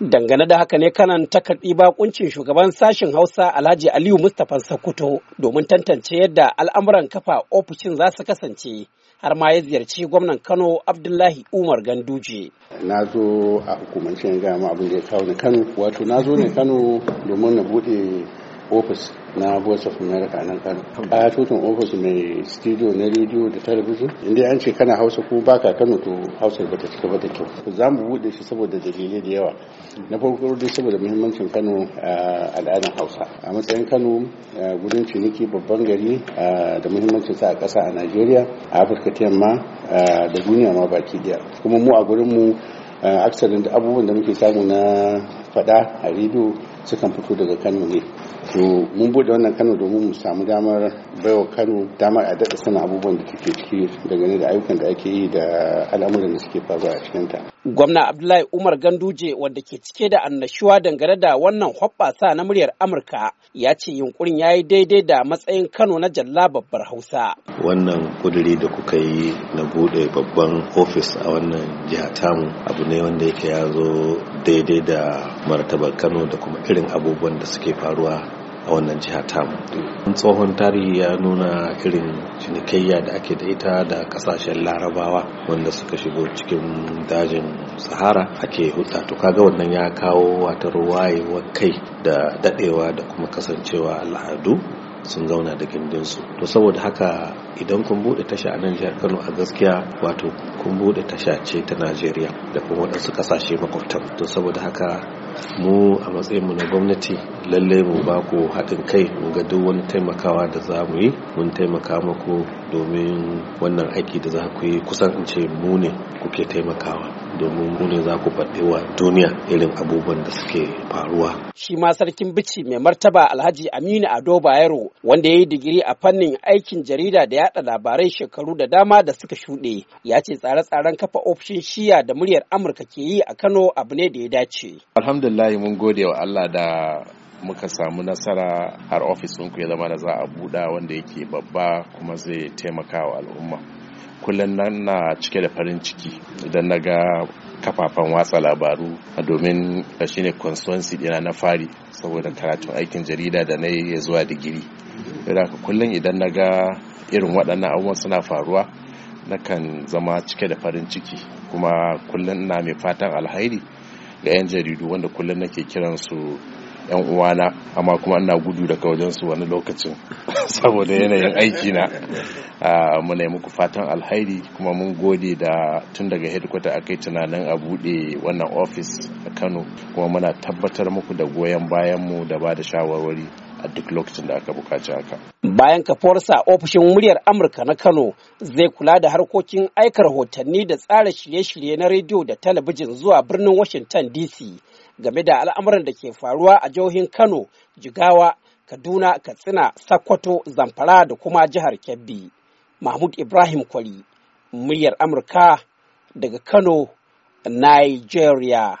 Dangane da haka ne kanan ta bakuncin shugaban sashen Hausa Alhaji Aliyu Mustapha sakoto domin tantance yadda al'amuran kafa ofishin za su kasance har ma ya ziyarci gwamnan Kano Abdullahi Umar Ganduje. Na zo a hukumance gama abin da ya kawo ni Kano, wato na zo ne Kano domin na bude ofis na voice of america nan kano tutun ofis mai studio na rediyo da talabijin inda an ce kana hausa ko baka kano to hausa ba ta cika ba ta kyau za mu bude shi saboda dalilai da yawa na farko dai saboda muhimmancin kano a al'adar hausa a matsayin kano gudun ciniki babban gari da muhimmancin sa a ƙasa a najeriya a afirka ta yamma da duniya ma baki daya kuma mu a gurin mu aksarin abubuwan da muke samu na fada a rediyo sukan fito daga kano ne to mun bude wannan kano domin mu samu damar baiwa kano damar a daɗa sana abubuwan da take ciki dangane da ayyukan da ake yi da al'amuran da suke faruwa a cikinta. gwamna abdullahi umar ganduje wanda ke cike da annashuwa dangane da wannan hoɓɓasa na muryar amurka ya ce yunkurin ya yi daidai da matsayin kano na jalla babbar hausa wannan kuduri da kuka yi na buɗe babban ofis a wannan jiha tamu abu ne wanda yake ya zo daidai da martabar kano da kuma irin abubuwan da suke faruwa a wannan jiha tamu tsohon tarihi ya nuna irin cinikayya da ake da ita da kasashen larabawa wanda suka shigo cikin dajin sahara ake hutsa to kaga wannan ya kawo wata wayewar kai da dadewa da kuma kasancewa al'adu sun zauna da gindinsu to saboda haka idan kun bude tasha a nan jihar kano a gaskiya wato kun bude tasha ce ta najeriya da kuma waɗansu ƙasashe makwabta to saboda haka mu a matsayinmu na gwamnati lallai mu ba ku haɗin kai mu ga duk wani taimakawa da za mu yi mun taimaka muku domin wannan aiki da za ku yi kusan in ce mu ne kuke taimakawa domin gune za ku faɗi wa duniya irin abubuwan da suke faruwa. Shi ma sarkin bici mai martaba Alhaji Aminu Ado Bayero wanda ya yi digiri a fannin aikin jarida da yaɗa labarai shekaru da dama da suka shuɗe ya ce tsare-tsaren kafa ofishin shiya da muryar Amurka ke yi a Kano abu ne da ya dace. Alhamdulillah mun gode wa Allah da muka samu nasara har ofis ku ya zama da za a buɗa wanda yake babba kuma zai taimaka wa al'umma. kullum nan na cike da farin ciki idan na ga kafafen watsa labaru domin ne konsonsi dina na fari saboda karatun aikin jarida da na yi zuwa digiri idan kullum idan na ga irin waɗannan abubuwan suna faruwa na kan zama cike da farin ciki kuma kullum na mai fatan alhairi ga 'yan jaridu wanda kullum nake kiransu yan uwana amma kuma ina gudu daga wajen su wani lokacin saboda yanayin aiki na ah, muna yi muku fatan alhairi kuma mun gode da tun daga headquarter aka yi tunanin a buɗe wannan ofis a Kano kuma muna tabbatar muku da goyon bayan mu da ba da shawarwari a duk lokacin da aka bukaci haka. Bayan kafuwarsa ofishin muryar Amurka na Kano zai kula da harkokin aika rahotanni da tsara shirye-shirye na rediyo da talabijin zuwa birnin Washington DC. game da al'amuran da ke faruwa a jihohin Kano, Jigawa, Kaduna, Katsina, Sokoto, Zamfara da kuma jihar Kebbi. Mahmud Ibrahim Kwari, muryar Amurka daga Kano, Nigeria.